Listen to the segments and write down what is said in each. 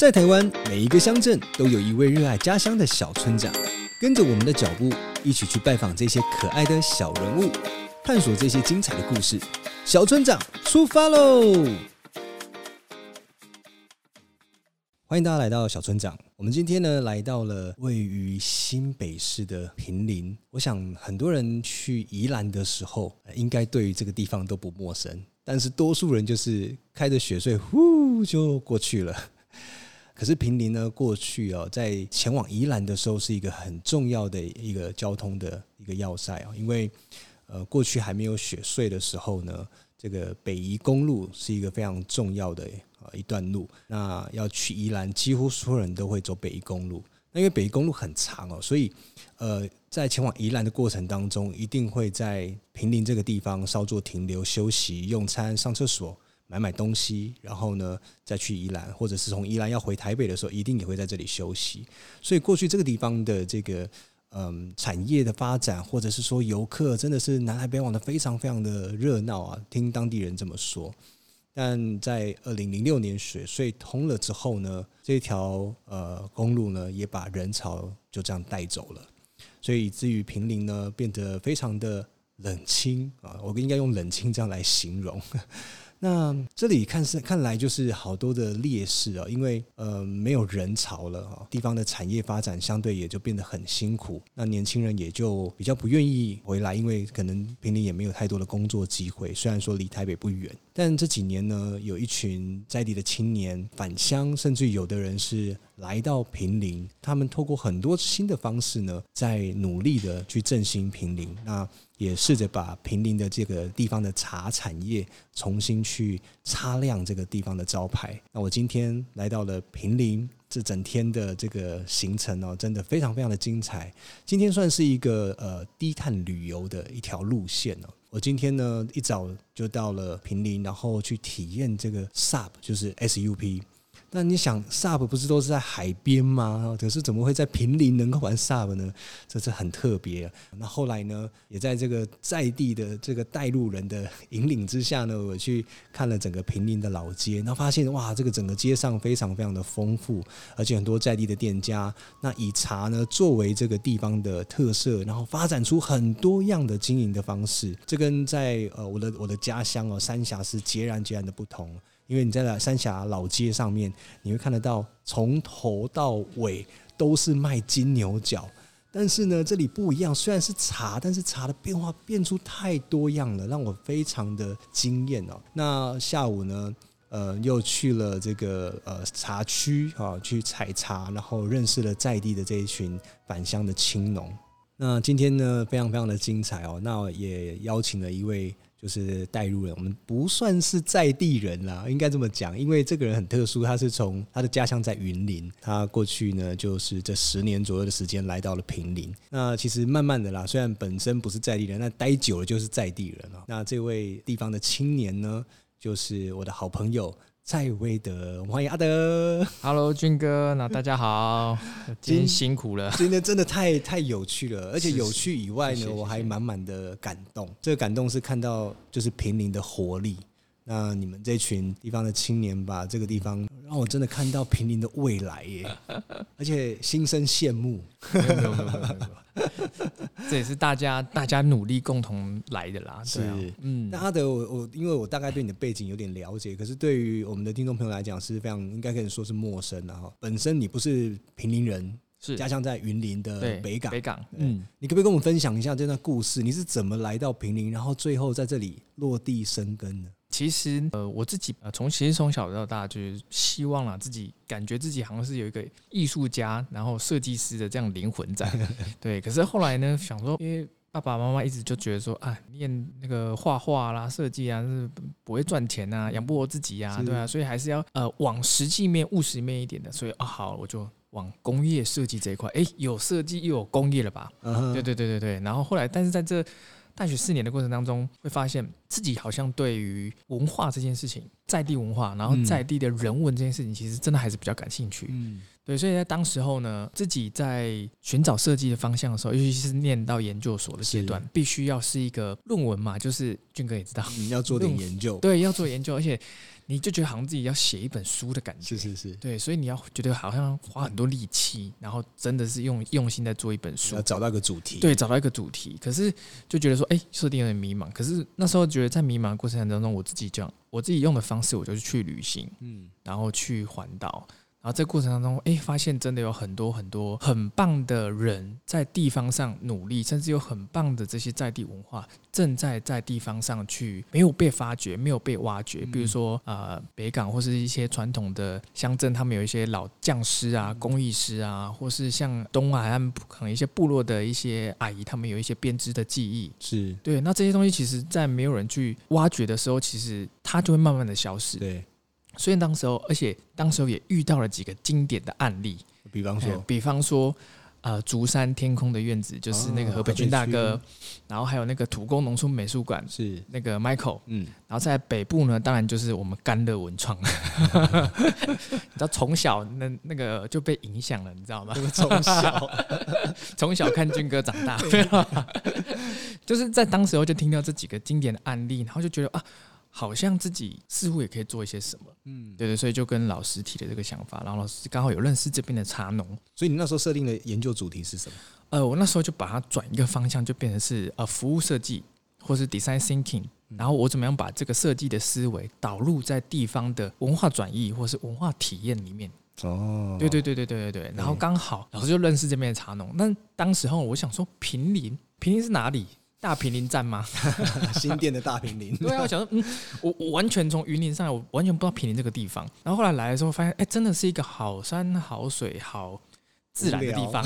在台灣，每一個鄉鎮都有一位熱愛家鄉的小村長。跟着我們的腳步，一起去拜訪這些可愛的小人物，探索這些精彩的故事。小村長出發嘍！歡迎大家來到小村長。我們今天呢，來到了位於新北市的坪林。我想很多人去宜蘭的時候，應該對於這個地方都不陌生，但是多數人就是開着雪隧呼就過去了。可是坪林呢，過去啊、哦，在前往宜蘭的時候，是一個很重要的一個交通的一個要塞啊、哦。因為，呃，過去還沒有雪隧的時候呢，這個北宜公路是一個非常重要的一段路。那要去宜蘭，幾乎所有人都會走北宜公路。那因為北宜公路很長哦，所以，呃，在前往宜蘭的過程當中，一定會在坪林這個地方稍作停留、休息、用餐、上廁所。買買東西，然後呢，再去宜蘭，或者是從宜蘭要回台北的時候，一定也會在這裡休息。所以過去這個地方的這個嗯產業的發展，或者是說遊客，真的是南來北往的非常非常的熱鬧啊。聽當地人這麼說，但在二零零六年雪隧通了之後呢，這條呃公路呢也把人潮就這樣帶走了，所以以至於坪林呢變得非常的冷清啊。我應該用冷清這樣來形容。那這裡看是看來就是好多的劣勢啊、哦，因為呃沒有人潮了哈、哦，地方的產業發展相對也就變得很辛苦，那年輕人也就比較不願意回來，因為可能坪林也沒有太多的工作機會。雖然說離台北不遠，但這幾年呢，有一群在地的青年返鄉，甚至有的人是來到坪林，他們透過很多新的方式呢，在努力的去振興坪林。那也試着把坪林的這個地方的茶產業重新去擦亮這個地方的招牌。那我今天來到了坪林，這整天的這個行程哦，真的非常非常的精彩。今天算是一個呃低碳旅遊的一條路線哦。我今天呢一早就到了坪林，然後去體驗這個 SUP，就是 SUP。那你想，SUP 不是都是在海邊嗎？可是怎麼會在坪林能夠玩 SUP 呢？這是很特別。那後來呢，也在這個在地的這個帶路人的引領之下呢，我去看了整個坪林的老街，然後發現哇，這個整個街上非常非常的豐富，而且很多在地的店家，那以茶呢作為這個地方的特色，然後發展出很多樣的經營的方式，這跟在呃我的我的家鄉哦三峽是截然截然的不同。因為你在三峽老街上面，你會看得到從頭到尾都是賣金牛角，但是呢，這裡不一樣，雖然是茶，但是茶的變化變出太多樣了，讓我非常的驚艷哦。那下午呢，呃，又去了這個呃茶區啊，去採茶，然後認識了在地的這一群返鄉的青農。那今天呢，非常非常的精彩哦。那我也邀請了一位。就是帶入了，我們不算是在地人啦，應該這麼講，因為這個人很特殊，他是從他的家鄉在雲林，他過去呢，就是這十年左右的時間來到了坪林，那其實慢慢的啦，雖然本身不是在地人，那待久了就是在地人了。那這位地方的青年呢，就是我的好朋友。蔡威德，我歡迎阿德。哈嘍，l 軍哥，那大家好， 今天辛苦了。今天真的太太有趣了，而且有趣以外呢，是是是是是我還滿滿的感動，是是是是。這個感動是看到就是坪林的活力。那你們這群地方的青年吧，把這個地方。讓、哦、我真的看到平林的未來耶， 而且心生羨慕。 這也是大家大家努力共同來的啦，是對、啊、嗯。那阿德，我我因為我大概對你的背景有點了解，可是對於我們的聽眾朋友來講是非常應該可以說是陌生的、啊、哈。本身你不是平林人，是家鄉在雲林的北港。北港，嗯，你可不可以跟我們分享一下這段故事？你是怎麼來到平林，然後最後在這裡落地生根呢？其實呃，我自己呃，從其實從小到大就是希望啦，自己感覺自己好像是有一個藝術家，然後設計師的這樣靈魂在， 對。可是後來呢，想說，因為爸爸媽媽一直就覺得說，哎，念那個畫畫啦、設計啊，是不會賺錢吶、啊，養不活自己呀、啊，對啊，所以還是要呃往實際面、務實面一點的。所以啊，好，我就往工業設計這一塊，哎、欸，有設計又有工業了吧？對、啊啊、對對對對。然後後來，但是在這。大學四年的過程當中，會發現自己好像對於文化這件事情，在地文化，然後在地的人文這件事情、嗯，其實真的還是比較感興趣。嗯，對，所以在當時候呢，自己在尋找設計的方向的時候，尤其是念到研究所的階段，必須要是一個論文嘛，就是俊哥也知道，你、嗯、要做點研究，對，要做研究，而且。你就覺得好像自己要寫一本書的感覺，是是是，對，所以你要覺得好像花很多力氣，嗯，然後真的是用用心在做一本書，找到一個主題，對，找到一個主題。可是就覺得說，哎，欸，設定有點迷茫。可是那時候覺得在迷茫的過程當中，我自己講，我自己用的方式，我就是去旅行，嗯，然後去環島。然後在過程當中，哎，發現真的有很多很多很棒的人在地方上努力，甚至有很棒的這些在地文化正在在地方上去沒有被發掘、沒有被挖掘。嗯、比如說啊、呃，北港或是一些傳統的鄉鎮，他們有一些老匠師啊、工藝師啊，或是像東海岸可能一些部落的一些阿姨，他們有一些編織的技藝。是，對。那這些東西其實在沒有人去挖掘的時候，其實它就會慢慢的消失。對。所以當時候，而且當時候也遇到了幾個經典的案例，比方說，嗯、比方說，呃，竹山天空的院子就是那個河北軍大哥，然後還有那個土工農村美術館是那個 Michael，嗯，然後在北部呢，當然就是我們甘樂文創的，嗯、 你知道從小那那個就被影響了，你知道嗎？從小從小看軍哥長大， 就是在當時候就聽到這幾個經典的案例，然後就覺得啊。好像自己似乎也可以做一些什麼，嗯，對對，所以就跟老師提了這個想法，然後老師剛好有認識這邊的茶農，所以你那時候設定的研究主題是什麼？呃，我那時候就把它轉一個方向，就變成是呃服務設計，或是 design thinking，然後我怎麼樣把這個設計的思維導入在地方的文化轉譯或是文化體驗裡面？哦，對對對對對對對，然後剛好老師就認識這邊的茶農，那當時候我想說坪林，坪林是哪裡？大坪林站嗎？新店的大坪林。 對啊，我想說，嗯，我我完全從雲林上來，我完全不知道坪林這個地方。然後後來來的時候，發現，哎、欸，真的是一個好山好水好自然的地方，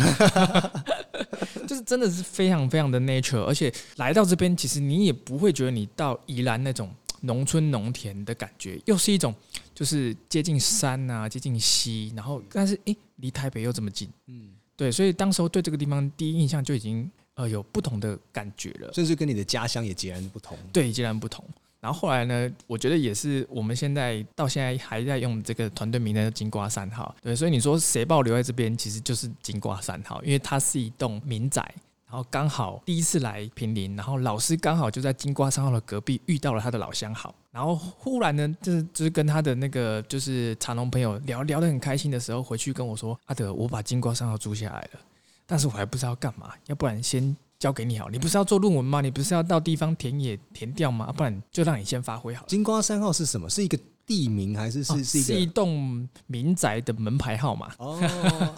就是真的是非常非常的 nature。而且來到這邊，其實你也不會覺得你到宜蘭那種農村農田的感覺，又是一種就是接近山啊，接近溪，然後但是，哎、欸，離台北又這麼近，嗯，對，所以當時候對這個地方第一印象就已經。呃，有不同的感覺了，甚至跟你的家鄉也截然不同。對，截然不同。然後後來呢，我覺得也是，我們現在到現在還在用這個團隊名的金瓜三號。對，所以你說誰把我留在這邊，其實就是金瓜三號，因為它是一棟民宅。然後剛好第一次來坪林，然後老師剛好就在金瓜三號的隔壁遇到了他的老相好。然後忽然呢，就是就是跟他的那個就是茶農朋友聊聊得很開心的時候，回去跟我說：“阿、啊、德，我把金瓜三號租下來了。”但是我還不知道幹嘛，要不然先交給你好。你不是要做論文嗎？你不是要到地方田野田調嗎？啊、不然就讓你先發揮好。金瓜三號是什麼？是一個。地名還是是是一個棟、哦、民宅的門牌號碼哦，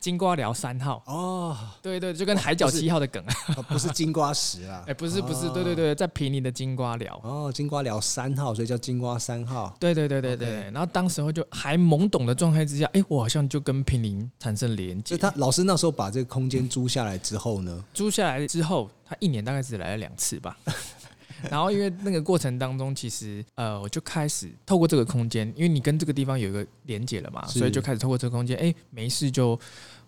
金瓜寮三號哦，對對，對，就跟海角七號的梗啊、哦 哦，不是金瓜石啊、欸，哎，不是不是、哦，對對對，在坪林的金瓜寮哦，金瓜寮三號，所以叫金瓜三號，對對對對對、okay。然後當時候就還懵懂的狀態之下，哎、欸，我好像就跟坪林產生連接。所以他老師那時候把這個空間租下來之後呢、嗯，租下來之後，他一年大概只來了兩次吧。 然後，因為那個過程當中，其實呃，我就開始透過這個空間，因為你跟這個地方有一個連接了嘛，所以就開始透過這個空間，哎、欸，沒事就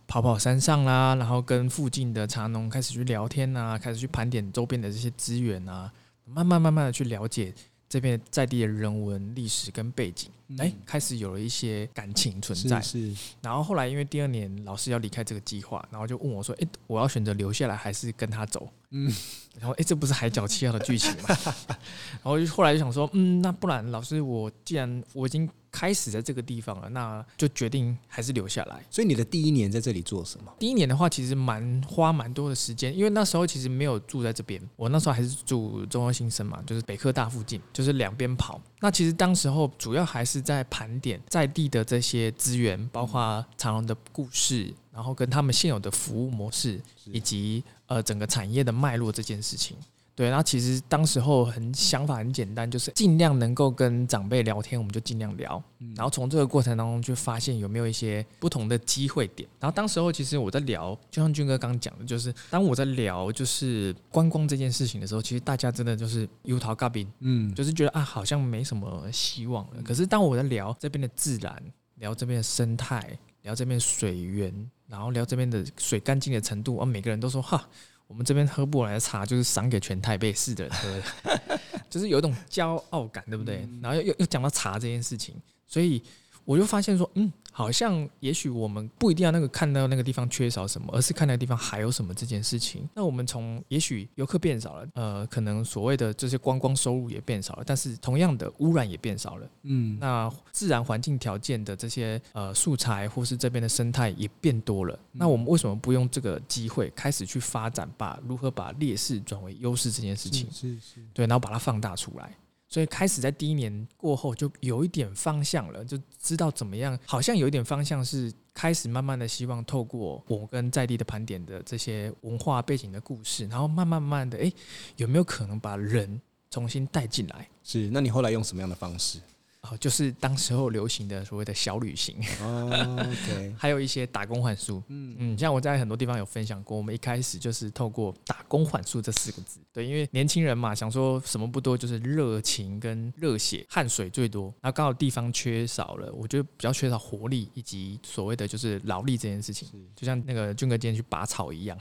跑跑山上啦，然後跟附近的茶農開始去聊天啊，開始去盤點周邊的這些資源啊，慢慢慢慢的去了解這邊在地的人文歷史跟背景，哎、嗯欸，開始有了一些感情存在。是，是。然後後來因為第二年老師要離開這個計劃，然後就問我說，哎、欸，我要選擇留下來還是跟他走？嗯。嗯。然後，哎，這不是海角七號的劇情嗎？ 然後就後來就想說，嗯，那不然老師，我既然我已經。開始在這個地方了，那就決定還是留下來。所以你的第一年在這裡做什麼？第一年的話，其實蠻花蠻多的時間，因為那時候其實沒有住在這邊，我那時候還是住中央新生嘛，就是北科大附近，就是兩邊跑。那其實當時候主要還是在盤點在地的這些資源，包括長隆的故事，然後跟他們現有的服務模式，以及呃整個產業的脈絡這件事情。對，然後其實當時候很想法很簡單，就是儘量能夠跟長輩聊天，我們就儘量聊。然後從這個過程當中，就發現有沒有一些不同的機會點。然後當時候其實我在聊，就像俊哥剛剛講的，就是當我在聊就是觀光這件事情的時候，其實大家真的就是油桃嘎賓，嗯，就是覺得啊，好像沒什麼希望了。可是當我在聊這邊的自然，聊這邊的生態，聊這邊的水源，然後聊這邊的水乾淨的程度，啊，每個人都說哈。我們這邊喝不完的茶，就是賞給全台北市的人喝的， 就是有一種驕傲感，對不對？嗯、然後又又講到茶這件事情，所以。我就發現說，嗯，好像也許我們不一定要那個看到那個地方缺少什麼，而是看那個地方還有什麼這件事情。那我們從也許遊客變少了，呃，可能所謂的這些觀光收入也變少了，但是同樣的污染也變少了，嗯，那自然環境條件的這些呃素材或是這邊的生態也變多了，嗯。那我們為什麼不用這個機會開始去發展吧，把如何把劣勢轉為優勢這件事情？是是，是是，對，然後把它放大出來。所以開始在第一年過後，就有一點方向了，就知道怎麼樣。好像有一點方向是開始慢慢的希望透過我跟在地的盤點的這些文化背景的故事，然後慢慢慢慢的，哎、欸，有沒有可能把人重新帶進來？是，那你後來用什麼樣的方式？哦，就是當時候流行的所謂的小旅行，哦，對，還有一些打工換宿，嗯嗯，像我在很多地方有分享過，我們一開始就是透過打工換宿這四個字，對，因為年輕人嘛，想說什麼不多，就是熱情跟熱血，汗水最多，然後剛好地方缺少了，我覺得比較缺少活力以及所謂的就是勞力這件事情，就像那個俊哥今天去拔草一樣，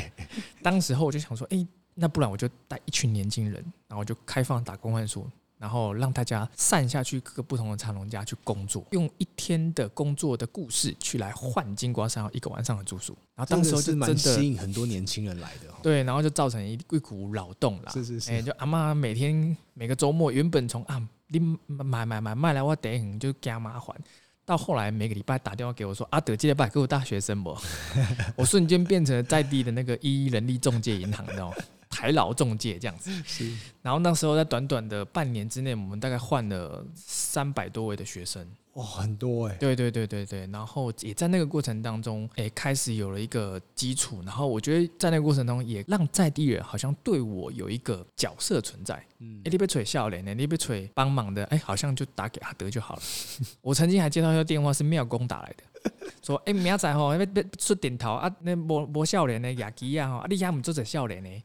當時候我就想說，哎、欸，那不然我就帶一群年輕人，然後就開放打工換宿。然後讓大家散下去各個不同的茶農家去工作，用一天的工作的故事去來換金瓜三號一個晚上的住宿。然後當時真的蠻就蠻吸引很多年輕人來的，哦，對，然後就造成一股擾動啦。是是是，哎，就阿媽每天每個周末原本從啊，你買買買賣來我等，就加麻煩。到後來每個禮拜打電話給我說阿德，記得拜給我大學生不？ 我瞬間變成了在地的那個一人力中介銀行你知道嗎？台勞中介這樣子，是。然後那時候在短短的半年之內，我們大概換了三百多位的學生。哇、哦，很多哎、欸！對對對對對，然後也在那個過程當中，哎，開始有了一個基礎。然後我覺得在那個過程中，也讓在地人好像對我有一個角色存在。嗯、欸、你別吹笑臉你別吹幫忙的，哎、欸，好像就打給阿德就好了。 我曾經還接到一個電話，是廟公打來的，說哎、欸、明仔吼要出點頭啊，那無無笑臉的也幾啊吼，啊你也不做只笑臉的，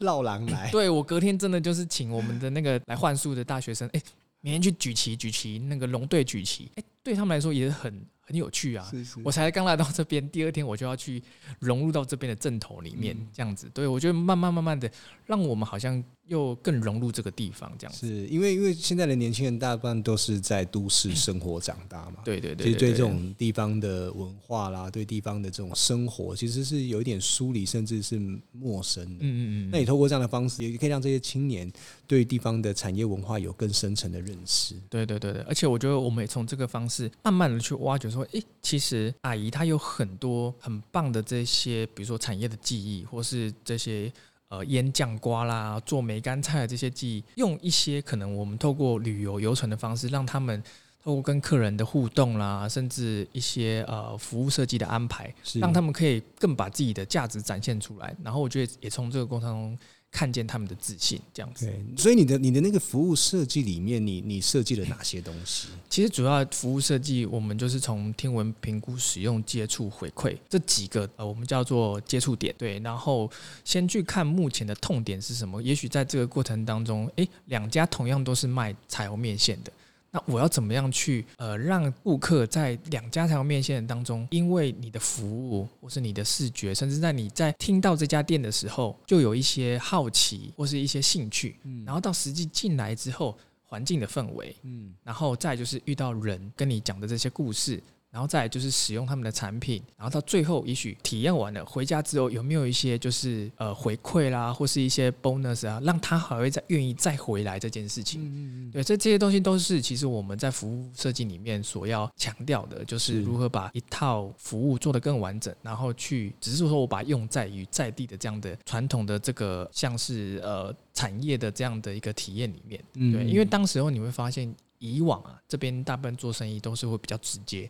老狼來。嗯、對我隔天真的就是請我們的那個來換宿的大學生哎。欸每天去舉旗，舉旗，那個龍隊舉旗，哎、欸，對他們來說也是很很有趣啊。是是我才剛來到這邊，第二天我就要去融入到這邊的陣頭裡面，嗯、這樣子，對我覺得慢慢慢慢的，讓我們好像。又更融入這個地方，這樣子是，是因為因為現在的年輕人大部分都是在都市生活長大嘛？對對對，其實對這種地方的文化啦，對地方的這種生活，其實是有一點疏離，甚至是陌生的。嗯嗯嗯。那你透過這樣的方式，也可以讓這些青年對地方的產業文化有更深層的認識。對對對對，而且我覺得我們也從這個方式慢慢的去挖掘，說，哎、欸，其實阿姨她有很多很棒的這些，比如說產業的記憶，或是這些。呃，醃醬瓜啦，做梅乾菜的這些技藝，用一些可能我們透過旅遊遊程的方式，讓他們透過跟客人的互動啦，甚至一些呃服務設計的安排，讓他們可以更把自己的價值展現出來。然後我覺得也從這個過程中，看見他們的自信，這樣子。所以你的你的那個服務設計裡面，你你設計了哪些東西？其實主要的服務設計，我們就是從聽聞、評估、使用、接觸、回饋這幾個呃，我們叫做接觸點。對，然後先去看目前的痛點是什麼。也許在這個過程當中，誒，兩家同樣都是賣彩虹麵線的。那我要怎麼樣去呃，讓顧客在兩家茶飲麵線當中，因為你的服務或是你的視覺，甚至在你在聽到這家店的時候，就有一些好奇或是一些興趣，嗯、然後到實際進來之後，環境的氛圍，嗯、然後再就是遇到人跟你講的這些故事。然後再就是使用他們的產品，然後到最後也許體驗完了回家之後，有沒有一些就是呃回饋啦，或是一些 bonus 啊，讓他還會再願意再回來這件事情。對，這這些東西都是其實我們在服務設計裡面所要強調的，就是如何把一套服務做得更完整，然後去只是說我把用在於在地的這樣的傳統的這個像是呃產業的這樣的一個體驗裡面。對，因為當時候你會發現。以往啊，這邊大部分做生意都是會比較直接，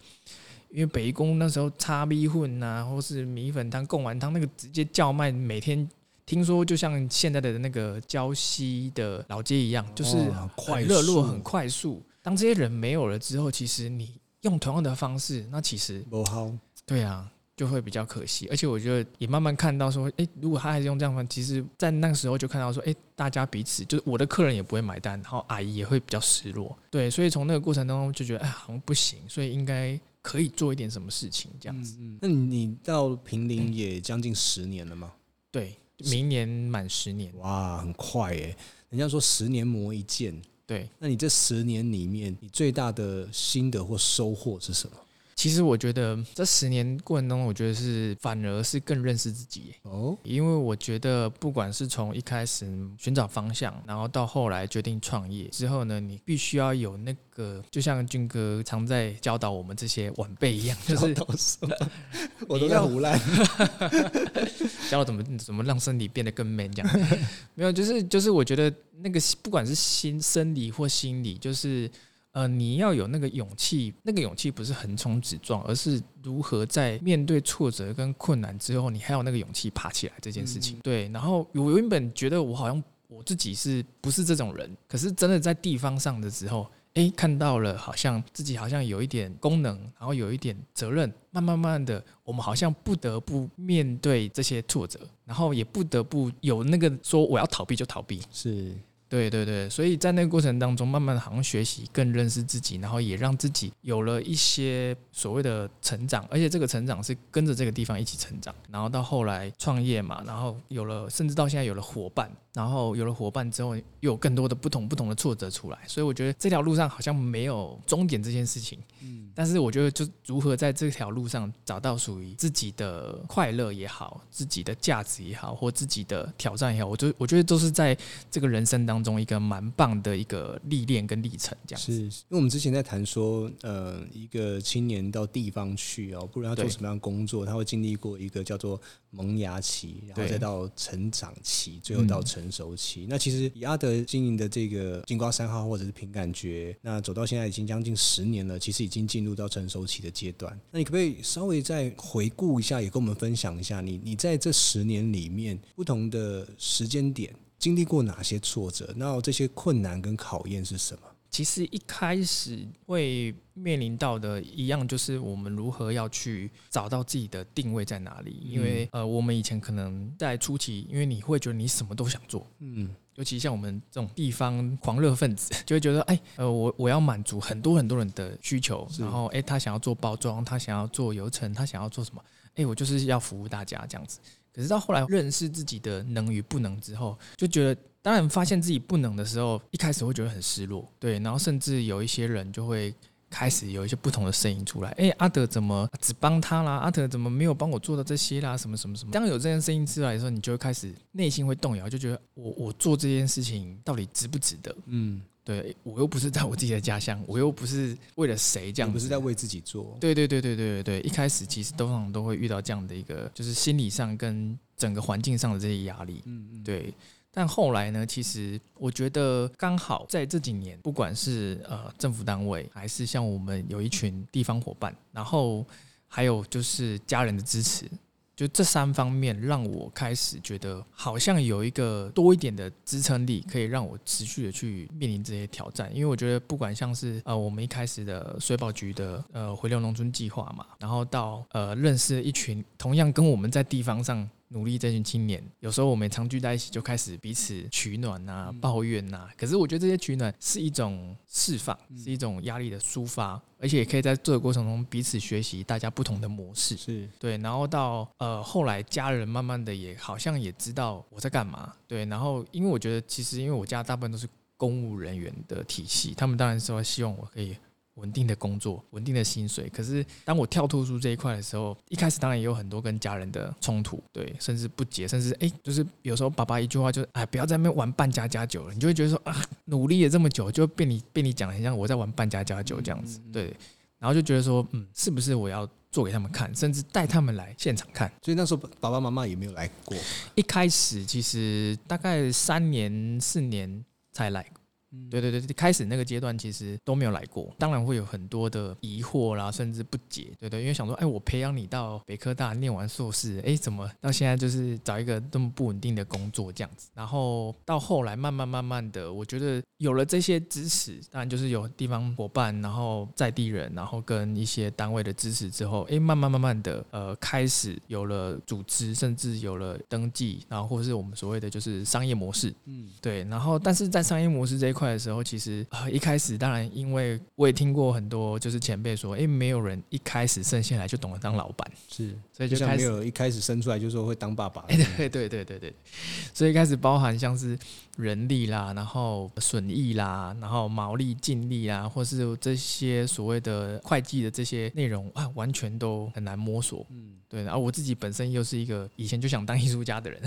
因為北宜那時候炒米粉啊，或是米粉湯、貢丸湯那個直接叫賣，每天聽說就像現在的那個礁溪的老街一樣，就是快熱絡很快速。當這些人沒有了之後，其實你用同樣的方式，那其實無效。對啊。就會比較可惜，而且我覺得也慢慢看到說，誒、欸，如果他還是用這樣的話其實，在那個時候就看到說，誒、欸，大家彼此就是我的客人也不會買單，然後阿姨也會比較失落，對，所以從那個過程當中就覺得哎，好像不行，所以應該可以做一點什麼事情這樣子、嗯。那你到坪林也將近十年了嗎、嗯？對，明年滿十年，哇，很快耶。人家說十年磨一劍，對。那你這十年裡面，你最大的心得或收穫是什麼？其實我覺得這十年過程中，我覺得是反而是更認識自己哦，因為我覺得不管是從一開始尋找方向，然後到後來決定創業之後呢，你必須要有那個，就像俊哥常在教導我們這些晚輩一樣，就是 我都要無賴，教我怎麼怎麼讓身體變得更 man，這樣， 沒有，就是就是我覺得那個不管是心生理或心理，就是。呃，你要有那個勇氣，那個勇氣不是橫衝直撞，而是如何在面對挫折跟困難之後，你還有那個勇氣爬起來這件事情。嗯。對，然後我原本覺得我好像我自己是不是這種人，可是真的在地方上的時候，誒，看到了好像自己好像有一點功能，然後有一點責任，慢慢慢慢的，我們好像不得不面對這些挫折，然後也不得不有那個說我要逃避就逃避，是。對對對，所以在那個過程當中，慢慢好好學習，更認識自己，然後也讓自己有了一些所謂的成長，而且這個成長是跟着這個地方一起成長，然後到後來創業嘛，然後有了，甚至到現在有了夥伴。然後有了夥伴之後，又有更多的不同不同的挫折出來，所以我覺得這條路上好像沒有終點這件事情。嗯，但是我覺得就如何在這條路上找到屬於自己的快樂也好，自己的價值也好，或自己的挑戰也好，我覺我覺得都是在這個人生當中一個蠻棒的一個歷練跟歷程。這樣子是，因為我們之前在談說，呃，一個青年到地方去哦，不知道要做什麼樣的工作，他會經歷過一個叫做萌芽期，然後再到成長期，最後到成長期。嗯成熟期，那其實以阿德經營的這個金瓜三號或者是坪感覺，那走到現在已經將近十年了，其實已經進入到成熟期的階段。那你可不可以稍微再回顧一下，也跟我們分享一下你你在這十年裡面不同的時間點經歷過哪些挫折？那這些困難跟考驗是什麼？其實一開始會面臨到的一樣就是我們如何要去找到自己的定位在哪裡，因為呃，我們以前可能在初期，因為你會覺得你什麼都想做，嗯，尤其像我們這種地方狂熱分子，就會覺得哎，呃，我我要滿足很多很多人的需求，然後哎，他想要做包裝，他想要做流程，他想要做什麼，哎，我就是要服務大家這樣子。可是到後來認識自己的能與不能之後，就覺得，當然，發現自己不能的時候，一開始會覺得很失落，對。然後，甚至有一些人就會開始有一些不同的聲音出來：“哎，阿德怎麼只幫他啦？阿德怎麼沒有幫我做到這些啦？什麼什麼什麼？”當有這件聲音出來的時候，你就會開始內心會動搖，就覺得我我做這件事情到底值不值得？嗯，對，我又不是在我自己的家鄉，我又不是為了誰這樣，你不是在為自己做？對對對對對對對。一開始其實都都都會遇到這樣的一個，就是心理上跟整個環境上的這些壓力。嗯嗯，對。但後來呢，其實我覺得剛好在這幾年，不管是呃政府單位，還是像我們有一群地方夥伴，然後還有就是家人的支持，就這三方面，讓我開始覺得好像有一個多一點的支撐力，可以讓我持續的去面臨這些挑戰。因為我覺得不管像是呃我們一開始的水保局的呃回流農村計劃嘛，然後到呃認識了一群同樣跟我們在地方上。努力，這群青年有時候我們常聚在一起，就開始彼此取暖啊，抱怨啊、嗯。可是我覺得這些取暖是一種釋放、嗯，是一種壓力的抒發，而且也可以在做的過程中彼此學習大家不同的模式。是對，然後到呃後來家人慢慢的也好像也知道我在幹嘛。對，然後因為我覺得其實因為我家大部分都是公務人員的體系，他們當然是說希望我可以。穩定的工作，穩定的薪水。可是當我跳脫出這一塊的時候，一開始當然也有很多跟家人的衝突，對，甚至不解甚至哎、欸，就是有時候爸爸一句話就是哎，不要在那邊玩扮家家酒了，你就會覺得說啊，努力了這麼久，就被你被你講得很像我在玩扮家家酒這樣子、嗯，對。然後就覺得說，嗯，是不是我要做給他們看，甚至帶他們來現場看？所以那時候爸爸媽媽也沒有來過。一開始其實大概三年四年才來。對對對，開始那個階段其實都沒有來過，當然會有很多的疑惑啦，甚至不解，對對，因為想說，哎，我培養你到北科大念完碩士，哎，怎麼到現在就是找一個這麼不穩定的工作這樣子？然後到後來慢慢慢慢的，我覺得有了這些支持，當然就是有地方夥伴，然後在地人，然後跟一些單位的支持之後，哎，慢慢慢慢的，呃，開始有了組織，甚至有了登記，然後或是我們所謂的就是商業模式，嗯，對，然後但是在商業模式這一塊的時候，其實一開始當然，因為我也聽過很多，就是前輩說，哎、欸，沒有人一開始生下來就懂得當老闆，是，所以就，開始就像沒有一開始生出來就說會當爸爸，對、欸、對對對對對，所以一開始包含像是。人力啦，然後損益啦，然後毛利、淨利啦，或是這些所謂的會計的這些內容啊，完全都很難摸索。嗯，對。然後我自己本身又是一個以前就想當藝術家的人，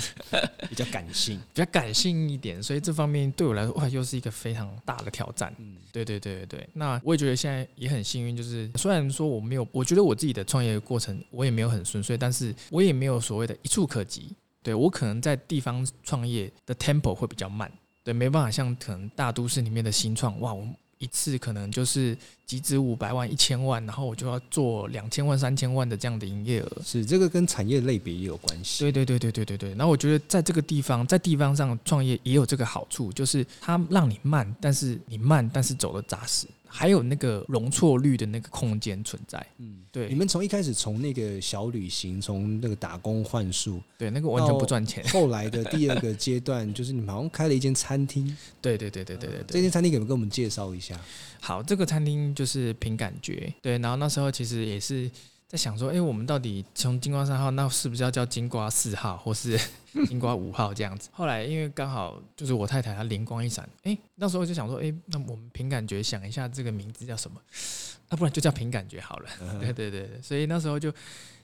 比較感性， 比較感性一點，所以這方面對我來說，哇，又是一個非常大的挑戰。嗯，對對對對對。那我也覺得現在也很幸運，就是雖然說我沒有，我覺得我自己的創業過程我也沒有很順遂，但是我也沒有所謂的一蹴可及。對，我可能在地方創業的 tempo 會比較慢，對，沒辦法像可能大都市裡面的新創，哇，我一次可能就是。集資五百萬一千萬，然後我就要做兩千萬三千萬的這樣的營業額。是這個跟產業類別也有關係。對對對對對對對。那我覺得在這個地方，在地方上創業也有這個好處，就是它讓你慢，但是你慢，但是走得扎實，還有那個容錯率的那個空間存在。嗯，對。你們從一開始從那個小旅行，從那個打工換宿，對那個完全不賺錢。後,後來的第二個階段， 就是你們好像開了一間餐廳。對對對對對對,對,對對對對對對。這間餐廳給我跟我們介紹一下。好，這個餐廳。就是憑感覺，對。然後那時候其實也是在想說，哎、欸，我們到底從金瓜三號那是不是要叫金瓜四號，或是金瓜五號這樣子？ 後來因為剛好就是我太太她靈光一閃，哎、欸，那時候就想說，哎、欸，那我們憑感覺想一下這個名字叫什麼？那不然就叫憑感覺好了。對對對對，所以那時候就。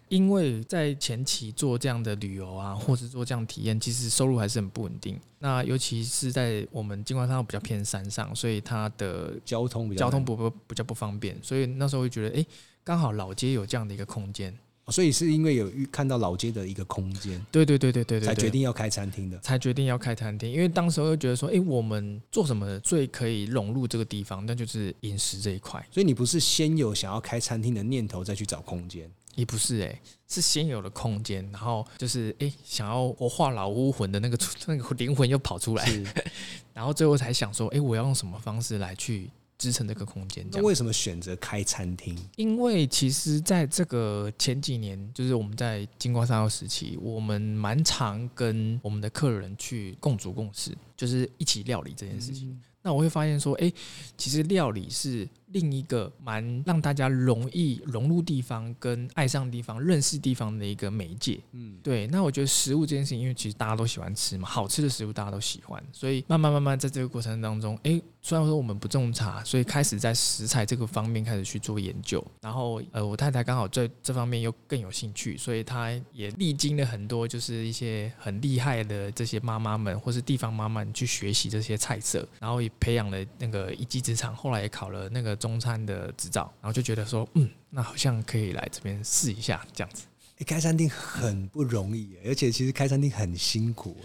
因為在前期做這樣的旅遊啊，或者做這樣的體驗，其實收入還是很不穩定。那尤其是在我們金關山比較偏山上，所以它的交通比較交通不不比較不方便。所以那時候會覺得，哎、欸，剛好老街有這樣的一個空間。所以是因為有遇看到老街的一個空間，對對對對對對，才決定要開餐廳的。才決定要開餐廳，因為當時候又覺得說，誒，我們做什麼最可以融入這個地方？那就是飲食這一塊。所以你不是先有想要開餐廳的念頭，再去找空間？也不是、欸，誒，是先有了空間，然後就是誒、欸，想要活化老屋魂的那個那個靈魂又跑出來，然後最後才想說，誒、欸，我要用什麼方式來去。支撐這個空間，那為什麼選擇開餐廳？因為其實在這個前幾年，就是我們在金瓜三號時期，我們蠻常跟我們的客人去共煮共食，就是一起料理這件事情、嗯。嗯、那我會發現說，哎、欸，其實料理是。另一個蠻讓大家容易融入地方，跟愛上地方，認識地方的一個媒介，嗯，對。那我覺得食物這件事情，因為其實大家都喜歡吃嘛，好吃的食物大家都喜歡，所以慢慢慢慢在這個過程當中，哎、欸，雖然說我們不種茶，所以開始在食材這個方面開始去做研究。然後，呃，我太太剛好在這方面又更有興趣，所以她也歷經了很多，就是一些很厲害的這些媽媽們，或是地方媽媽去學習這些菜色，然後也培養了那個一技之長。後來也考了那個。中餐的執照，然後就覺得說，嗯，那好像可以來這邊試一下這樣子。欸，開餐廳很不容易，嗯，而且其實開餐廳很辛苦。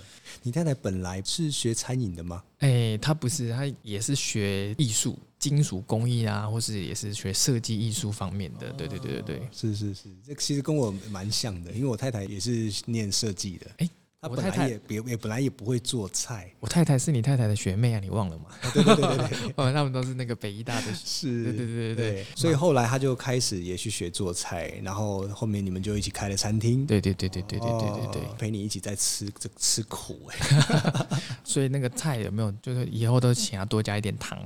你太太本來是學餐飲的嗎？哎、欸，她不是，她也是學藝術、金屬工藝啊，或是也是學設計、藝術方面的。對、哦、對對對對，是是是。這其實跟我蠻像的，因為我太太也是念設計的。欸他我太太也別也本來也不會做菜，我太太是你太太的學妹啊，你忘了嗎？ 對對對對對，哦，他們都是那個北醫大的是，對對對對，對，對，對，所以後來他就開始也去學做菜，然後後面你們就一起開了餐廳，對對對對對對、哦、對對對對對對，陪你一起在吃這吃苦，欸， 所以那個菜有沒有就是以後都請他多加一點糖，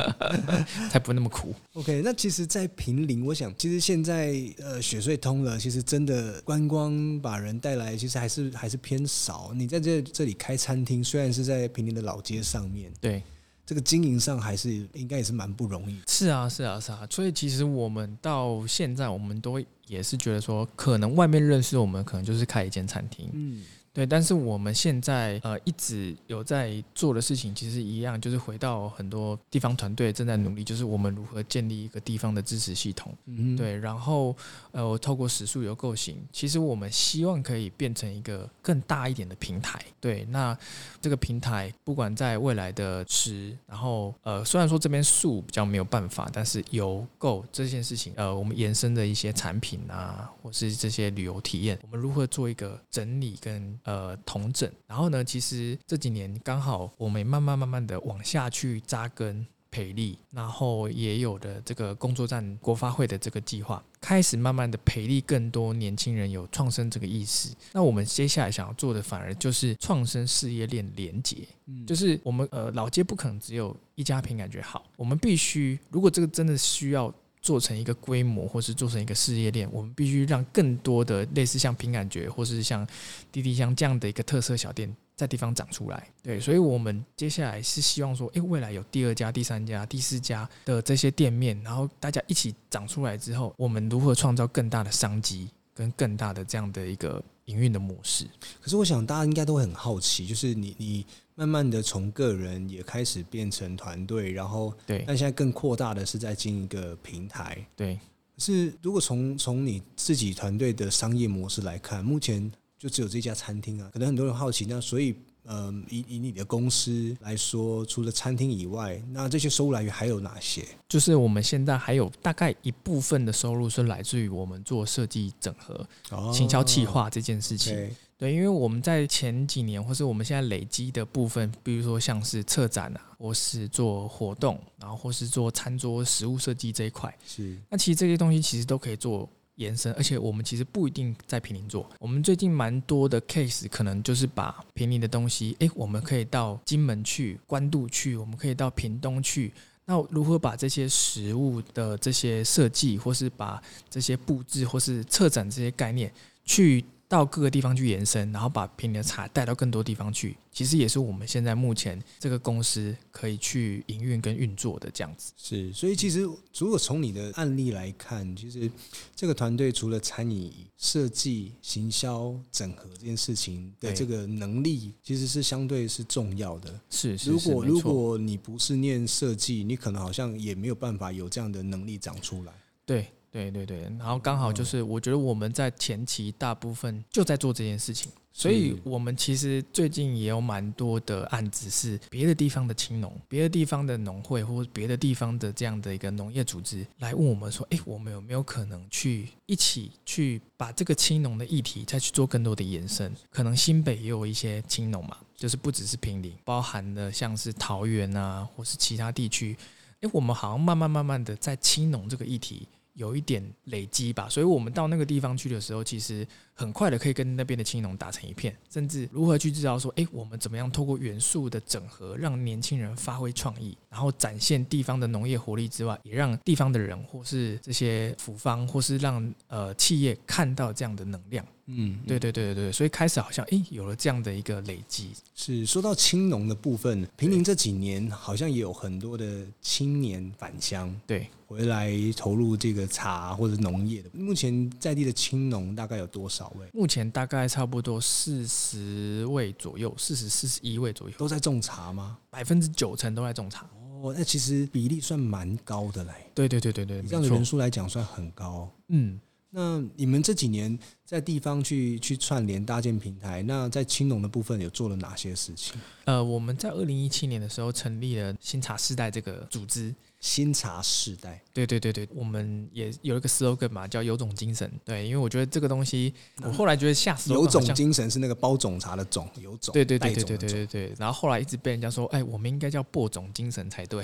才不會那麼苦。OK，那其實，在坪林，我想其實現在呃，雪隧通了，其實真的觀光把人帶來，其實還是還是。偏少，你在這這裡開餐廳，雖然是在坪林的老街上面，對這個經營上還是應該也是蠻不容易。是啊，是啊，是啊，所以其實我們到現在，我們都也是覺得說，可能外面認識我們，可能就是開一間餐廳，嗯。對，但是我們現在呃一直有在做的事情，其實一樣，就是回到很多地方團隊正在努力，就是我們如何建立一個地方的支持系統。嗯，對，然後呃，透過食宿遊購行，其實我們希望可以變成一個更大一點的平台。對，那這個平台不管在未來的食，然後呃，雖然說這邊宿比較沒有辦法，但是遊購這件事情，呃，我們延伸的一些產品啊，或是這些旅遊體驗，我們如何做一個整理跟。呃，同整。然後呢，其實這幾年剛好我們慢慢慢慢的往下去紮根培力，然後也有的這個工作站國發會的這個計劃，開始慢慢的培力更多年輕人有創生這個意識。那我們接下來想要做的，反而就是創生事業鏈連結，嗯、就是我們呃老街不可能只有一家坪感覺好，我們必須如果這個真的需要。做成一個規模，或是做成一個事業鏈，我們必須讓更多的類似像坪感覺，或是像滴滴像這樣的一個特色小店，在地方長出來。對，所以我們接下來是希望說，誒，未來有第二家、第三家、第四家的這些店面，然後大家一起長出來之後，我們如何創造更大的商機，跟更大的這樣的一個營運的模式？可是我想大家應該都很好奇，就是你你。慢慢的從個人也開始變成團隊，然後對，但現在更擴大的是在進一個平台，對。是如果從從你自己團隊的商業模式來看，目前就只有這家餐廳啊，可能很多人好奇，那所以。嗯，以以你的公司來說，除了餐廳以外，那這些收入來源還有哪些？就是我們現在還有大概一部分的收入是來自於我們做設計整合、請、哦、行銷企劃這件事情，哦 okay。對，因為我們在前幾年，或是我們現在累積的部分，比如說像是策展啊，或是做活動，然後或是做餐桌食物設計這一塊，是那其實這些東西其實都可以做，延伸，而且我們其實不一定在坪林做。我們最近蠻多的 case，可能就是把坪林的東西，誒、欸，我們可以到金門去、關渡去，我們可以到屏東去。那如何把這些食物的這些設計，或是把這些佈置，或是策展這些概念去，到各個地方去延伸，然後把坪林的茶帶到更多地方去，其實也是我們現在目前這個公司可以去營運跟運作的這樣子。是，所以其實如果從你的案例來看，其實這個團隊除了餐飲、設計、行銷、整合這件事情的這個能力，其實是相對是重要的。是，是，如果如果你不是念設計，你可能好像也沒有辦法有這樣的能力長出來。對。對對對，然後剛好就是，我覺得我們在前期大部分就在做這件事情，所以我們其實最近也有蠻多的案子是別的地方的青農、別的地方的農會或者別的地方的這樣的一個農業組織來問我們說，哎，我們有沒有可能去一起去把這個青農的議題再去做更多的延伸？可能新北也有一些青農嘛，就是不只是坪林，包含了像是桃園啊，或是其他地區，哎，我們好像慢慢慢慢的在青農這個議題。有一點累積吧，所以我們到那個地方去的時候，其實很快的可以跟那邊的青農打成一片，甚至如何去製造說，哎，我們怎麼樣透過元素的整合，讓年輕人發揮創意，然後展現地方的農業活力之外，也讓地方的人或是這些府方或是讓呃企業看到這樣的能量。嗯，對對對對對，所以開始好像哎、欸，有了這樣的一個累積。是說到青農的部分，坪林這幾年好像也有很多的青年返鄉，對，回來投入這個茶或者農業的。目前在地的青農大概有多少位？目前大概差不多四十位左右，四十、四十一位左右，都在種茶嗎？百分之九成都在種茶。哦，那其實比例算蠻高的嘞。對對對對對，對，這樣的人數來講算很高。嗯。那你們這幾年在地方去去串聯搭建平台，那在青農的部分有做了哪些事情？呃，我們在二零一七年的時候成立了新茶世代這個組織。新茶世代，對對對對，我們也有一個 slogan 嘛，叫有種精神。對，因為我覺得這個東西，我後來覺得嚇死，有種精神是那個包種茶的種有種，對對對對帶種的種，對對對對對對對然後後來一直被人家說，哎，我們應該叫播種精神才對，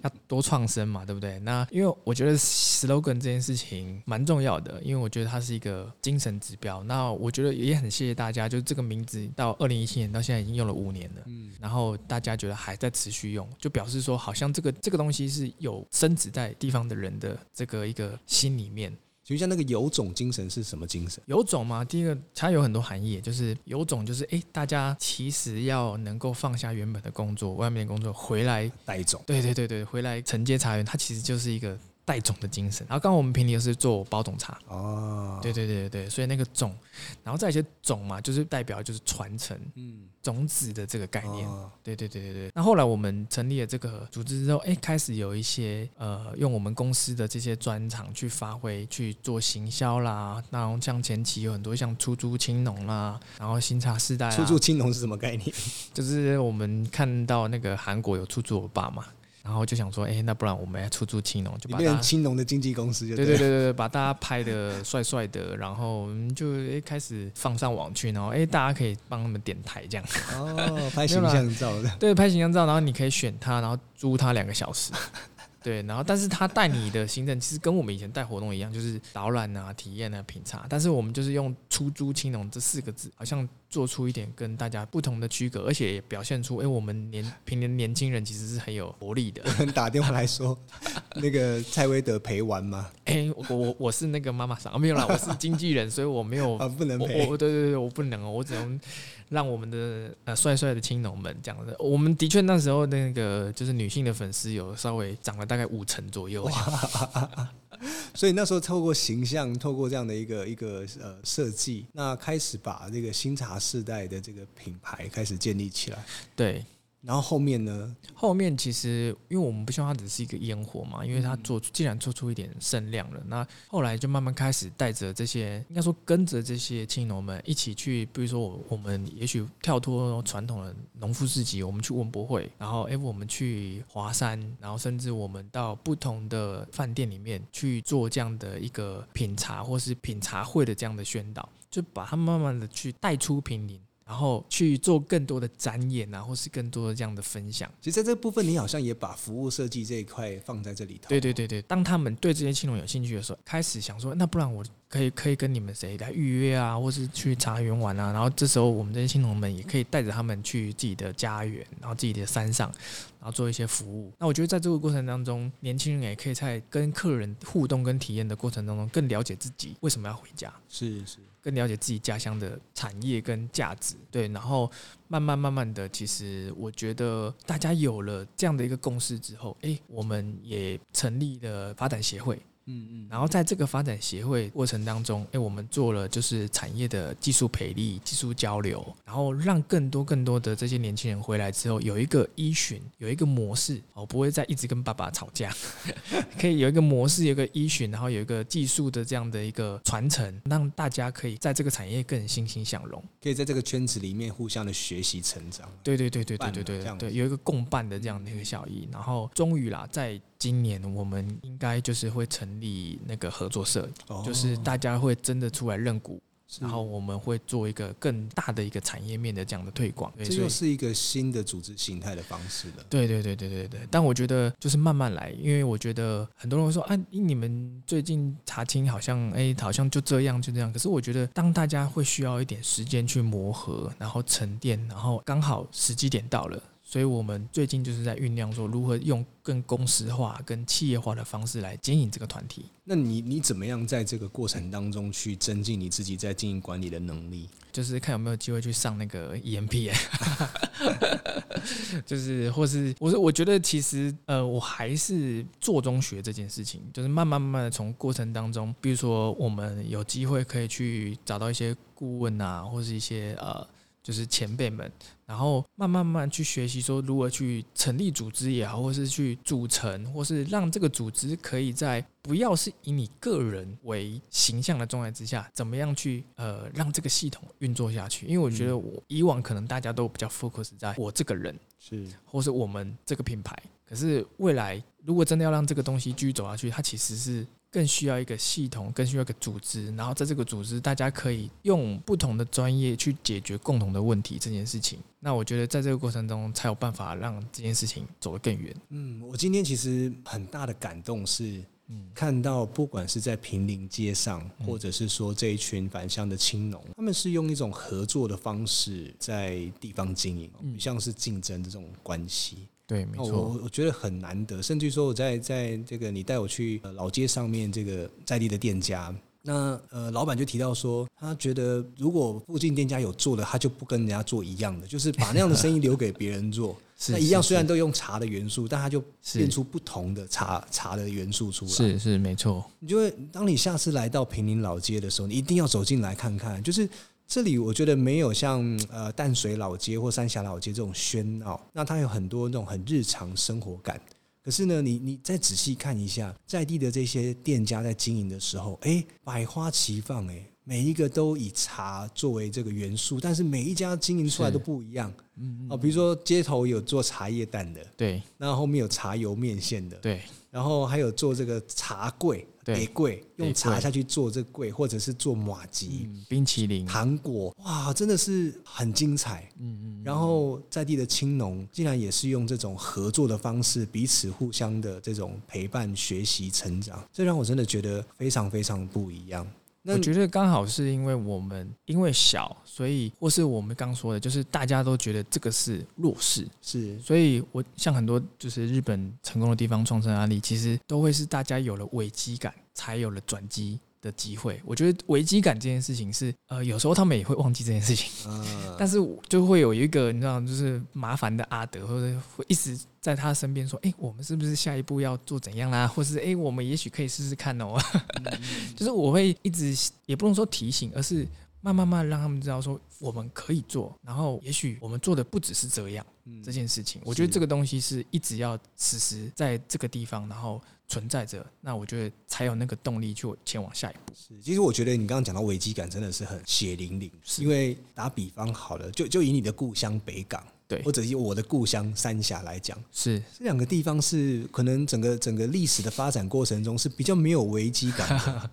要 多創生嘛，對不對？那因為我覺得 slogan 這件事情蠻重要的，因為我覺得它是一個精神指標。那我覺得也很謝謝大家，就這個名字到二零一七年到現在已經用了五年了，嗯，然後大家覺得還在持續用，就表示說好像這個。這個東西是有根植在地方的人的這個一個心裡面，就像那個有種精神是什麼精神？有種嘛？第一個，它有很多含義，就是有種，就是哎，大家其實要能夠放下原本的工作，外面的工作回來帶種。對對對對，回來承接茶園，它其實就是一個。帶種的精神，然後剛剛我們坪林是做包種茶哦，對對對對，所以那個種，然後再一些種嘛，就是代表就是傳承，嗯，種子的這個概念，對對對對對。那後來我們成立了這個組織之後，哎，開始有一些呃，用我們公司的這些專長去發揮去做行銷啦，然後像前期有很多像出租青農啦，然後新茶世代。出租青農是什麼概念？就是我們看到那個韓國有出租我爸嘛。然後就想說，哎、欸，那不然我們要出租青農，就把青農的經紀公司，就對對對對，把大家拍的帥帥的， 然後我們就哎開始放上網去，然後哎、欸、大家可以幫他們點台這樣子哦，拍形象照 對，拍形象照，然後你可以選他，然後租他兩個小時， 對，然後但是他帶你的行程其實跟我們以前帶活動一樣，就是導覽啊、體驗啊、品茶，但是我們就是用出租青農這四個字，好像。做出一點跟大家不同的區隔，而且也表現出哎、欸，我們年平年年輕人其實是很有活力的。打電話來說， 那個蔡威德陪玩嗎？哎、欸，我我我是那個媽媽桑沒有啦，我是經紀人， 所以我沒有啊，不能陪。我，我對對對，我不能哦、喔，我只能讓我們的呃帥帥的青農們這樣子。我們的確那時候那個就是女性的粉絲有稍微漲了大概五成左右、喔。 所以那時候，透過形象，透過這樣的一個一個呃設計，那開始把這個新茶世代的這個品牌開始建立起來。對。然後後面呢？後面其實，因為我們不希望它只是一個煙火嘛，因為它做竟然做出一點聲量了，那後來就慢慢開始帶着這些，應該說跟着這些青農們一起去，比如說我我們也許跳脫傳統的農夫市集，我們去文博會，然後哎我們去華山，然後甚至我們到不同的飯店裡面去做這樣的一個品茶或是品茶會的這樣的宣導，就把它慢慢的去帶出坪林。然後去做更多的展演啊，或是更多的這樣的分享。其實，在這部分，你好像也把服務設計這一塊放在這裡頭。對對對對，當他們對這些內容有興趣的時候，開始想說，那不然我。可以可以跟你們誰來預約啊，或是去茶園玩啊？然後這時候我們這些青農們，也可以帶着他們去自己的家園，然後自己的山上，然後做一些服務。那我覺得在這個過程當中，年輕人也可以在跟客人互動跟體驗的過程當中，更了解自己為什麼要回家，是是，更了解自己家鄉的產業跟價值。對，然後慢慢慢慢的，其實我覺得大家有了這樣的一個共識之後，哎，我們也成立了發展協會。嗯嗯，然後在這個發展協會過程當中，哎，我們做了就是產業的技術培力、技術交流，然後讓更多更多的這些年輕人回來之後有一個依循，有一個模式，我不會再一直跟爸爸吵架， 可以有一個模式，有一個依循，然後有一個技術的這樣的一個傳承，讓大家可以在這個產業更欣欣向榮，可以在這個圈子裡面互相的學習成長。對對對對對對對對，對，對，有一個共辦的這樣的一個效益，然後終於啦，在。今年我們應該就是會成立那個合作社，就是大家會真的出來認股，然後我們會做一個更大的一個產業面的這樣的推廣。這又是一個新的組織形態的方式了。對對對對對對，但我覺得就是慢慢來，因為我覺得很多人會說啊，你們最近查清好像誒，好像就這樣就這樣。可是我覺得當大家會需要一點時間去磨合，然後沉澱，然後剛好時機點到了。所以我們最近就是在醞釀說，如何用更公司化、跟企業化的方式來經營這個團體。那你你怎麼樣在這個過程當中去增進你自己在經營管理的能力？就是看有沒有機會去上那個 EMBA 就是或是我是我覺得其實呃我還是做中學這件事情，就是慢慢慢慢的從過程當中，比如說我們有機會可以去找到一些顧問啊，或是一些呃就是前輩們。然後慢慢慢去學習，說如何去成立組織也好，或是去組成，或是讓這個組織可以在不要是以你個人為形象的狀態之下，怎麼樣去呃讓這個系統運作下去？因為我覺得我以往可能大家都比較 focus 在我這個人是，或是我們這個品牌，可是未來如果真的要讓這個東西繼續走下去，它其實是。更需要一個系統，更需要一個組織，然後在這個組織，大家可以用不同的專業去解決共同的問題這件事情。那我覺得在這個過程中，才有辦法讓這件事情走得更遠。嗯，我今天其實很大的感動是，看到不管是在坪林街上，嗯、或者是說這一群返鄉的青農、嗯，他們是用一種合作的方式在地方經營、嗯，像是競爭這種關係。對，沒錯，我覺得很難得，甚至於說我在在這個你帶我去老街上面這個在地的店家，那呃老闆就提到說，他覺得如果附近店家有做的，他就不跟人家做一樣的，就是把那樣的生意留給別人做。那 一樣雖然都用茶的元素，是是是，但他就變出不同的茶茶的元素出來。是是沒錯。你就會當你下次來到坪林老街的時候，你一定要走進來看看，就是。這裡我覺得沒有像呃淡水老街或三峽老街這種喧鬧，那它有很多那種很日常生活感。可是呢，你你再仔細看一下在地的這些店家在經營的時候，誒，百花齊放，誒每一個都以茶作為這個元素，但是每一家經營出來都不一樣。嗯，嗯。哦，比如說街頭有做茶葉蛋的，對，那後，後面有茶油麵線的，對，然後還有做這個茶櫃。玫瑰用茶下去做這桂，或者是做麻糬、嗯、冰淇淋、糖果，哇，真的是很精彩。嗯嗯，然後在地的青農竟然也是用這種合作的方式，彼此互相的這種陪伴、學習、成長，這讓我真的覺得非常非常不一樣。那我覺得剛好是因為我們因為小，所以或是我們剛說的，就是大家都覺得這個是弱勢，是，所以我像很多就是日本成功的地方，創生案例，其實都會是大家有了危機感，才有了轉機的機會，我覺得危機感這件事情是，呃，有時候他們也會忘記這件事情，嗯、但是就會有一個你知道，就是麻煩的阿德，或者會一直在他身邊說，誒、欸，我們是不是下一步要做怎樣啦、啊？或是誒、欸，我們也許可以試試看哦。嗯、 就是我會一直也不能說提醒，而是慢，慢慢慢讓他們知道說，我們可以做，然後也許我們做的不只是這樣、嗯，這件事情，我覺得這個東西是一直要實時在這個地方，然後。存在着，那我覺得才有那個動力去前往下一步。是，其實我覺得你剛剛講到危機感真的是很血淋淋，因為打比方好了，就就以你的故鄉北港，對，或者以我的故鄉三峽來講，是這兩個地方是可能整個整個歷史的發展過程中是比較沒有危機感的、啊。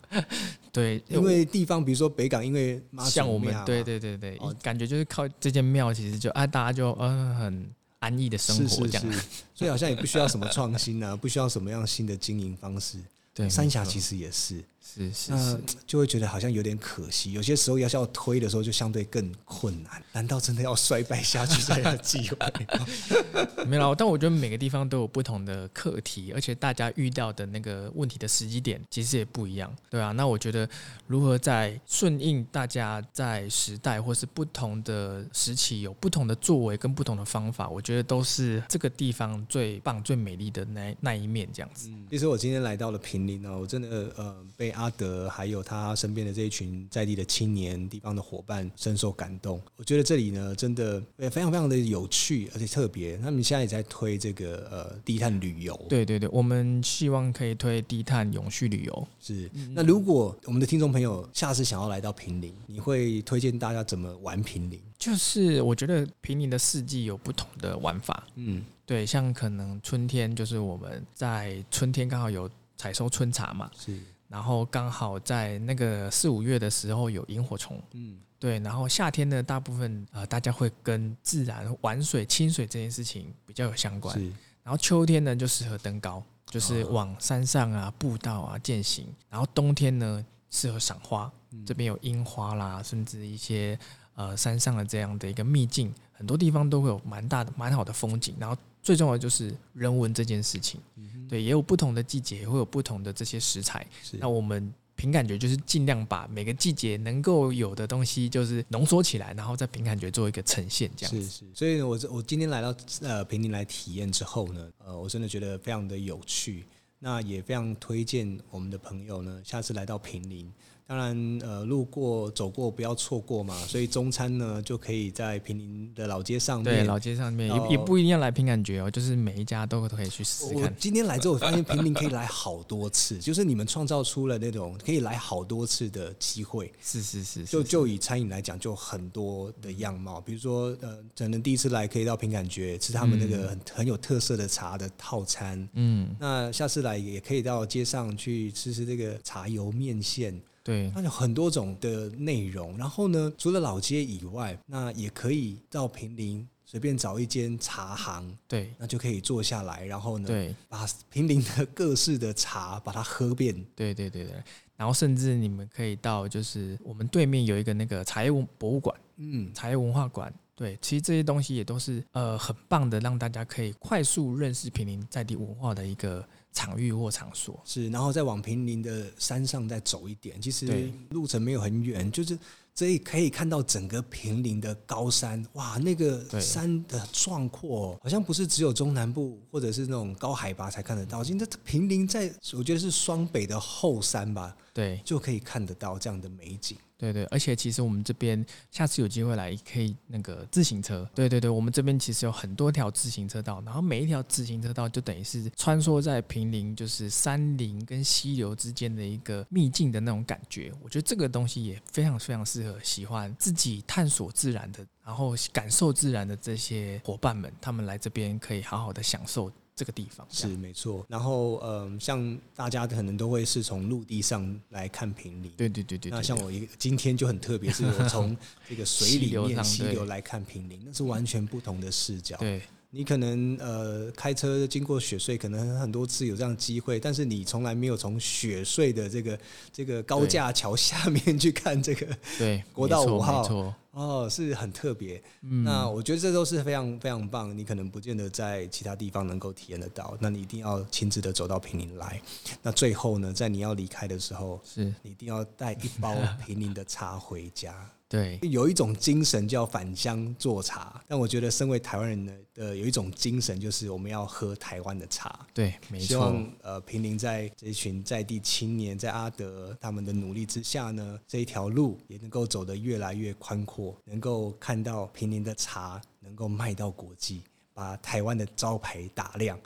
對，因為地方比如說北港，因為我像我們，對對對對，對、哦，感覺就是靠這間廟，其實就哎、啊、大家就嗯、呃、很。安逸的生活，是是是，這樣，所以好像也不需要什麼創新啊， 不需要什麼樣新的經營方式。對，三峽其實也是。是是是，是是，就會覺得好像有點可惜。有些時候要要推的時候，就相對更困難。難道真的要衰敗下去才有機會？ 沒有，但我覺得每個地方都有不同的課題，而且大家遇到的那個問題的時機點其實也不一樣，對啊。那我覺得如何在順應大家在時代或是不同的時期有不同的作為跟不同的方法，我覺得都是這個地方最棒、最美麗的那那一面這樣子。其、嗯、實我今天來到了坪林呢，我真的呃被。阿德還有他身邊的這一群在地的青年、地方的夥伴深受感動。我覺得這裡呢，真的非常非常的有趣，而且特別。他們現在也在推這個呃低碳旅遊？對對對，我們希望可以推低碳、永續旅遊。是。那如果我們的聽眾朋友下次想要來到坪林，你會推薦大家怎麼玩坪林？就是我覺得坪林的四季有不同的玩法。嗯，對，像可能春天就是我們在春天剛好有採收春茶嘛。是。然後剛好在那個四五月的時候有螢火蟲，嗯，對。然後夏天呢，大部分呃大家會跟自然玩水、親水這件事情比較有相關。是。然後秋天呢就適合登高，就是往山上啊步道啊健行。哦、然後冬天呢適合賞花，這邊有櫻花啦，甚至一些呃山上的這樣的一個秘境，很多地方都會有蠻大的蠻好的風景。然後。最重要的就是人文這件事情、嗯，對，也有不同的季節，會有不同的這些食材。那我們坪感覺就是盡量把每個季節能夠有的東西，就是濃縮起來，然後再坪感覺做一個呈現。這樣子是，是。所以我，我我今天來到呃坪林來體驗之後呢，呃，我真的覺得非常的有趣。那也非常推薦我們的朋友呢，下次來到坪林，當然，呃，路過走過不要錯過嘛。所以中餐呢，就可以在坪林的老街上面。對，老街上面也也不一定要來坪感覺哦，就是每一家都可以去試試看。我今天來之後，我發現坪林可以來好多次， 就是你們創造出了那種可以來好多次的機會。是是是，是，是就，就就以餐飲來講，就很多的樣貌。比如說，呃，可能第一次來可以到坪感覺吃他們那個很，嗯，很有特色的茶的套餐。嗯，那下次來也可以到街上去吃吃這個茶油麵線。對，它有很多種的內容。然後呢，除了老街以外，那也可以到坪林隨便找一間茶行，對，那就可以坐下來。然後呢，對，把坪林的各式的茶把它喝遍。對對對對。然後甚至你們可以到，就是我們對面有一個那個茶葉博物館，嗯，茶葉文化館。對，其實這些東西也都是呃很棒的，讓大家可以快速認識坪林在地文化的一個。場域或場所是，然後再往坪林的山上再走一點，其實路程沒有很遠，就是這裡可以看到整個坪林的高山，哇，那個山的壯闊，哦，好像不是只有中南部或者是那種高海拔才看得到，現在坪林在我覺得是雙北的後山吧，對，就可以看得到這樣的美景。對對，而且其實我們這邊下次有機會來，可以那個自行車。對對對，我們這邊其實有很多條自行車道，然後每一條自行車道就等於是穿梭在坪林，就是山林跟溪流之間的一個秘境的那種感覺。我覺得這個東西也非常非常適合喜歡自己探索自然的，然後感受自然的這些夥伴們，他們來這邊可以好好的享受。這個地方是沒錯，然後嗯、呃，像大家可能都會是從陸地上來看坪林，對對對對，對。那像我一個今天就很特別，是我從這個水裡面 溪、流溪流來看坪林，那是完全不同的視角。對你可能呃開車經過雪隧，可能很多次有這樣機會，但是你從來沒有從雪隧的這個這個高架橋下面去看這個對國道五號。哦、oh，是很特別。嗯、那我覺得這都是非常非常棒，你可能不見得在其他地方能夠體驗得到。那你一定要親自的走到坪林來。那最後呢，在你要離開的時候，是你一定要帶一包坪林的茶回家。 對，有一種精神叫返鄉做茶，但我覺得身為台灣人的有一種精神，就是我們要喝台灣的茶。對，沒錯。希望呃坪林在這一群在地青年，在阿德他們的努力之下呢，這一條路也能夠走得越來越寬闊，能夠看到坪林的茶能夠賣到國際，把台灣的招牌打亮。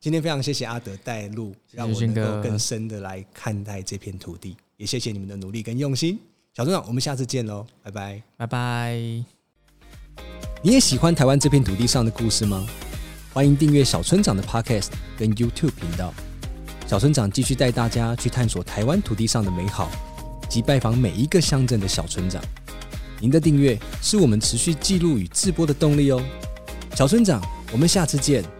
今天非常謝謝阿德帶路謝謝，讓我能夠更深地來看待這片土地，也謝謝你們的努力跟用心。小村長，我們下次見嘍，拜拜，拜拜。你也喜歡台灣這片土地上的故事嗎？歡迎訂閱小村長的 Podcast 跟 YouTube 頻道。小村長繼續帶大家去探索台灣土地上的美好，及拜訪每一個鄉鎮的小村長。您的訂閱是我們持續記錄與製播的動力哦。小村長，我們下次見。